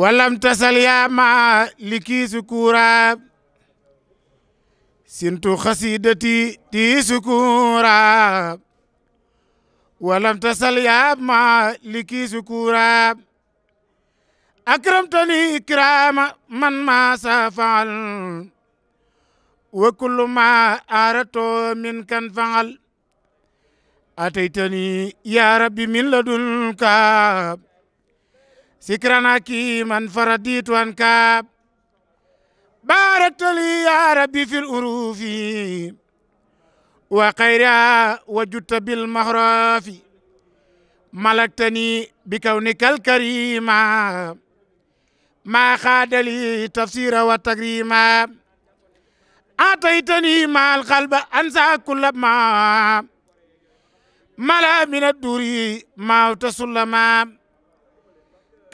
walam tasal yaa maa liki sukura sintu xasidati ti sukura walam tasal yaa maa liki sukura akramtani ikrama man ma safal wa kullu ma arato min kan fangal ataytani ya rabbi min ladunka سكرنا كي من فرديت وانكاب باركت لي يا ربي في الأروف وخيرها وجدت بالمهراف ملكتني بكونك الكريم ما خاد لي تفسير وتكريم أعطيتني مع القلب أنسى كل ما ملا من الدور ما تسلما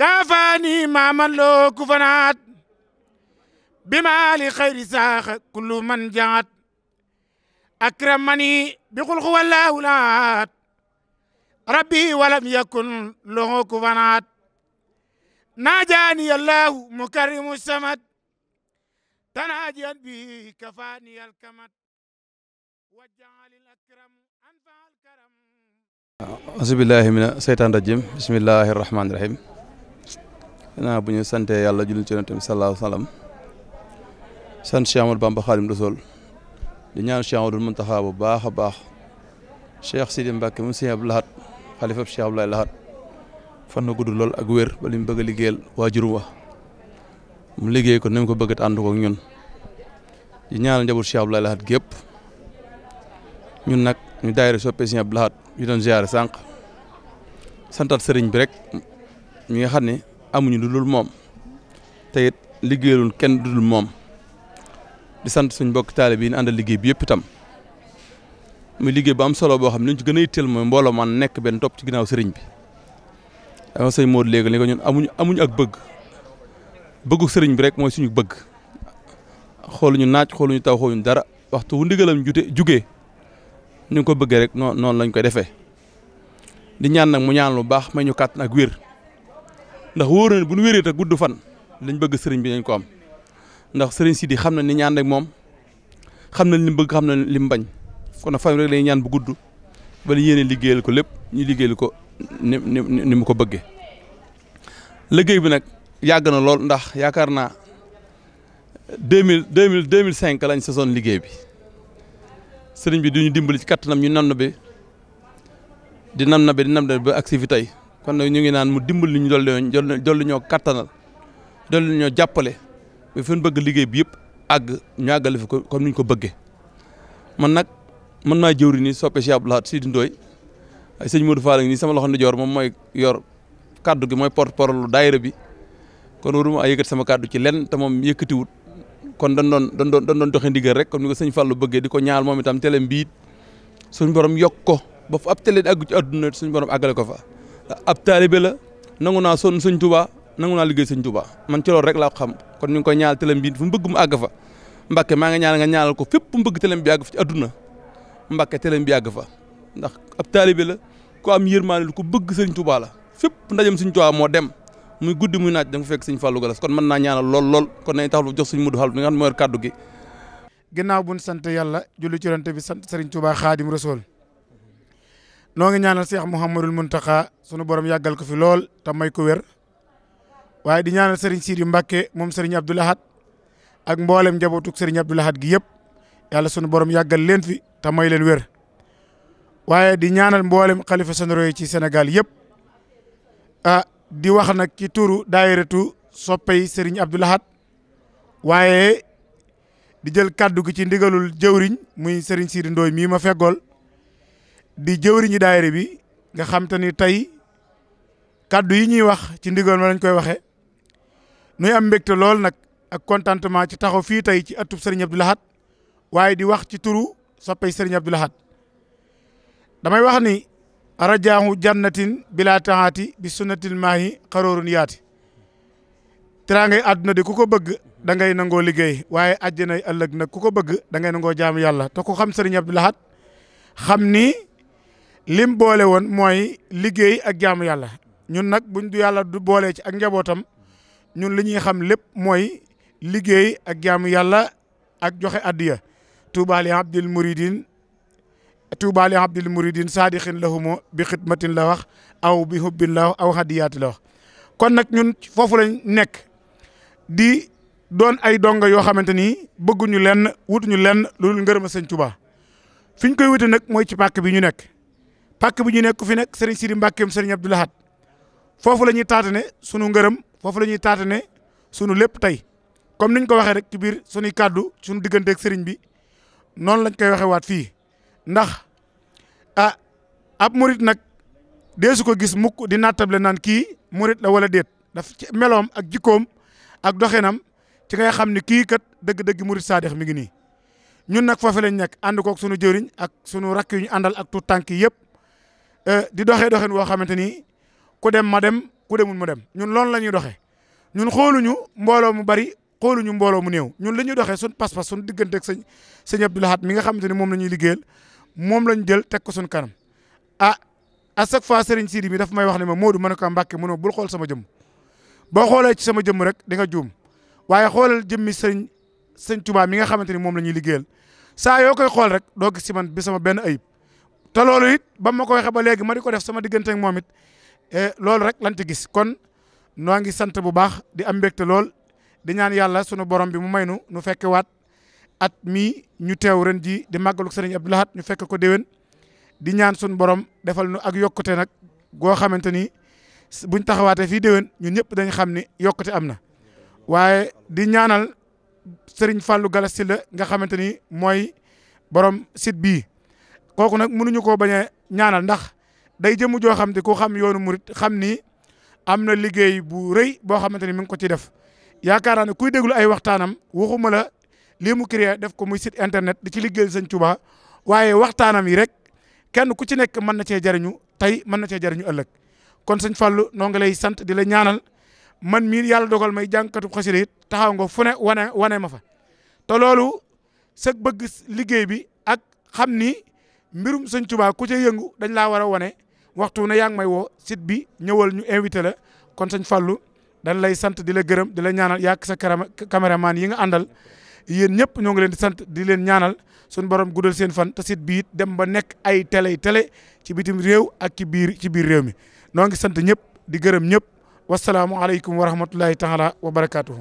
كافاني ما من لو كفنات بما لخير ساخ كل من جات أكرمني بقل هو الله لا ربي ولم يكن له كفنات ناجاني الله مكرم السمد تناجيا به كفاني الكمد وجعل الأكرم أنفع الكرم أعوذ بالله من الشيطان الرجيم بسم الله الرحمن الرحيم naa bu ñu sante yàlla julli ci yonent bi sallallahu alayhi wa sallam sant Cheikh Ahmadou Bamba Xaadimu Rasuul di ñaan Cheikh Ahmadou Muntaxa bu baax a baax Cheikh Sidi Mbacke mu si Abdou Lahad xalifab Cheikh Abdoulaye Lahad fan na gudd lool ak wér ba li mu bëgg a liggéeyal waajur wa mu liggéey ko ni mu ko bëgg a ànd ko ñun di ñaanal njabootu Cheikh Abdoulaye gépp ñun nag ñu daayira soppe Sëñ Abdou Lahad yu doon ziare sànq santaat sëriñ bi rek mi nga amuñu lu dul moom te it liggéeyalul kenn du moom di sant suñ mbokk taalibe yi ñu àndal liggéey bi yëpp itam muy liggéey bu am solo boo xam ne li ñu ci gën a yitteel mooy mbooloo man nekk benn topp ci ginnaaw sëriñ bi sëñ Modou léegi li ko ñun ak bëgg bëggu sëriñ bi rek mooy suñu bëgg xooluñu naaj xooluñu taw xooluñu dara waxtu wu ndigalam jute jugee ñu ko bëggee rek noonu noonu lañ koy defee di ñaan nag mu ñaan lu baax may ñu kàttan ak wér. ndax wóor na bu ñu wéree te gudd fan lañ bëgg sëriñ bi nañ ko am ndax sëriñ Sidi xam na ni ñaan rek moom xam na li mu bëgg xam na li mu bañ kon nag fayam rek lay ñaan ba gudd bala yéene liggéeyal ko lépp ñu liggéeyal ko ni ni mu ko bëggee liggéey bi nag yàgg na lool ndax yaakaar naa deux mille deux mille deux mille cinq lañ saison liggéey bi sëriñ bi du ñu dimbali ci kattanam ñu nan na bi di nam na bi di nam na bi ba tey kon nag ñu ngi naan mu li ñu dolli ñoo dolli ñoo kattanal dolli ñoo jàppale ba fi bëgg liggéey bi yëpp àgg ñu àggale fi ko comme ni ko bëggee man nag man maa jëwri nii soppe Cheikh Abdou Lahad Sidi sëñ Modou Fall sama loxo ndi joor moom mooy yor kaddu gi mooy porte parole daayira bi kon waruma ay sama kaddu ci len te moom yëkkatiwut kon dañ doon dañ doon dañ doon doxe ndigal rek kon ni ko sëñ Fallou bëggee di ko ñaal moom itam télé mbiit suñ borom yokk ko ba fu ab di àgg ci àdduna suñ borom àggale ko fa ab taalibe la nangu naa sonn sëñ Tuubaa nangu naa liggéey sëñ Tuubaa man ci loolu rek laa ko xam kon ñu ngi koy ñaanal tëlëm bi fu mu bëgg mu àgg fa Mbàkke maa nga ñaan ñaanal ko fépp mu bëgg tëlëm bi àgg fa ci àdduna Mbàkke tëlëm bi àgg fa ndax ab taalibe la ku am yërmaane lu ko bëgg sëñ Tuubaa la fépp ndajem sëñ Tuubaa moo dem mu guddi mu naaj da nga fekk sëñ Fallou Galas kon mën naa ñaanal lool lool kon nañ taxaw lu jox sëñ Modou Xal nga xam mooy kàddu gi ginnaaw buñ sant yàlla julli ci yonent bi sant Sëriñ Tuubaa Xaadim Rasuul noo ngi ñaanal Cheikh Mouhamadul Mountakha sunu borom yàggal ko fi lool te ko wér waaye di ñaanal Serigne Sidi Mbacke moom Serigne Abdou ak mboolem njabootug Serigne Abdou Lahad gi yëpp yàlla sunu borom yàggal leen fi te may leen wér waaye di ñaanal mboolem kalifa généraux yi ci Sénégal yëpp ah di wax nag ci turu daayiratu soppey Serigne Abdou Lahad waaye di jël kaddu gi ci ndigalul jëwriñ muy Serigne Sidi Ndoye mii ma feggool di jëwriñu daayira bi nga xam te ni tey kaddu yi ñuy wax ci ndigal ma lañ koy waxee nuy am mbégte lool nag ak contentement ci taxaw fii tey ci atub Serigne Abdou Lahad waaye di wax ci turu soppay Serigne Abdou laxat damay wax ni rajaahu jannatin di taati bi sunnatil maahi xaroorun yaati teraangay àdduna di ku ko bëgg dangay ngay nangoo liggéey waaye àjjanay ëllëg nag ku ko bëgg da ngay nangoo jaamu yàlla te ku xam Serigne Abdou Lahad xam ni lim boole woon mooy liggéey ak jaamu yàlla ñun nag buñ du yàlla du boolee ci ak njabootam ñun li ñuy xam lépp mooy liggéey ak jaamu yàlla ak joxe addiya tuuba li abdil muridin tuuba li abdil muridin la lahumo bi xidmatin la wax aw bi hubbin la wax aw hadiyaati la wax kon nag ñun foofu lañ nekk di doon ay donga yoo xamante ni bëgguñu lenn wutuñu lenn loolu ngërëm a sëñ Tuuba fiñ koy wute nag mooy ci pàkk bi ñu nekk pàkk bi ñu nekk ku fi nekk sëriñ Sidi Mbàkkeem sëriñ Abdou foofu la ñuy taatane sunu ngërëm foofu la ñuy taatane sunu lépp tey comme niñ ko waxee rek ci biir sunuy kàddu sunu digganteeg sëriñ bi noonu lañ koy waxee waat fii ndax a ah, ab murit nag deesu ko gis mukk di nattable naan kii murit la wala déet daf ci meloom ak jikkoom ak nam ci ngay xam ni kii kat dëgg-dëgg murit saadex mi ngi nii ñun nag foofu lañ nekk ànd kook sunu jëriñ ak sunu rakk yu ñu àndal ak tuut tànk yëpp. Euh, di doxee doxin woo xamante ni ku dem ma dem ku demul ma dem ñun loolu la ñuy doxee ñun xooluñu mbooloo mu bari xooluñu mbooloo mu néew ñun li ñuy doxee suñ pas-pas suñ diggante ak sëñ sëñ Abdou Lahad mi nga xamante ni moom la ñuy liggéeyal moom lañ jël teg ko suñ kanam ah a chaque fois Serigne Sidi mi dafa may wax ne ma Modou ma ne ko Mbàkke mu ne bul xool sama jëmm boo xoolee ci sama jëmm rek di nga juum waaye xoolal jëmmi sëñ sëñ Tuubaa mi nga xamante ni moom la ñuy liggéeyal saa yoo koy xool rek doo si man bi sama benn ayib te loolu it ba ma ko waxee ba léegi ma di ko def sama diggante ak moom it eh, loolu rek lan ci gis kon noo ngi sant bu baax di am mbégte lool di ñaan yàlla sunu borom bi mu may nu nu fekke waat at mii ñu teew ren ji di màggalu sëriñ Abdou laat ñu fekk ko déwén di ñaan sunu borom defal nu ak yokkute nag goo xamante ni buñ taxawaatee fii déwén ñun ñëpp dañ xam ni yokkute am na waaye di ñaanal sëriñ Fallou Galass Syll nga xamante ni mooy borom site bii kooku nag mënuñu ko bañ ñaanal ndax day jëmu joo xam te ku xam yoonu murit xam ni am na liggéey bu rëy boo xamante ni mi ngi ko ci def yaakaar naa ne kuy déglu ay waxtaanam waxuma la lii mu créé def ko muy site internet di ci liggéeyal sañ Tuuba waaye waxtaanam yi rek kenn ku ci nekk mën na cee jariñu tey mën na cee jariñu ëllëg kon sëñ Fallou noo lay sant di la ñaanal man mii yàlla dogal may jànkatu xasida it taxaw nga fu wane wane ma fa te bi mbirum sëñ Tuubaa ku yëngu dañ laa war a wane waxtu ne yaa ngi may woo site bi ñëwal ñu invité la kon sëñ fallu dan lay sant di la gërëm di la ñaanal yàq sa caméraman yi nga àndal yéen ñëpp ñoo ngi leen di sant di leen ñaanal suñu borom guddal seen fan te site bi it dem ba nekk ay télé télé ci bitim réew ak ci biir ci biir réew mi noo ngi sant ñëpp di gërëm ñëpp wasalaamualeykum wa rahmatullahi taala wa barakaatuhu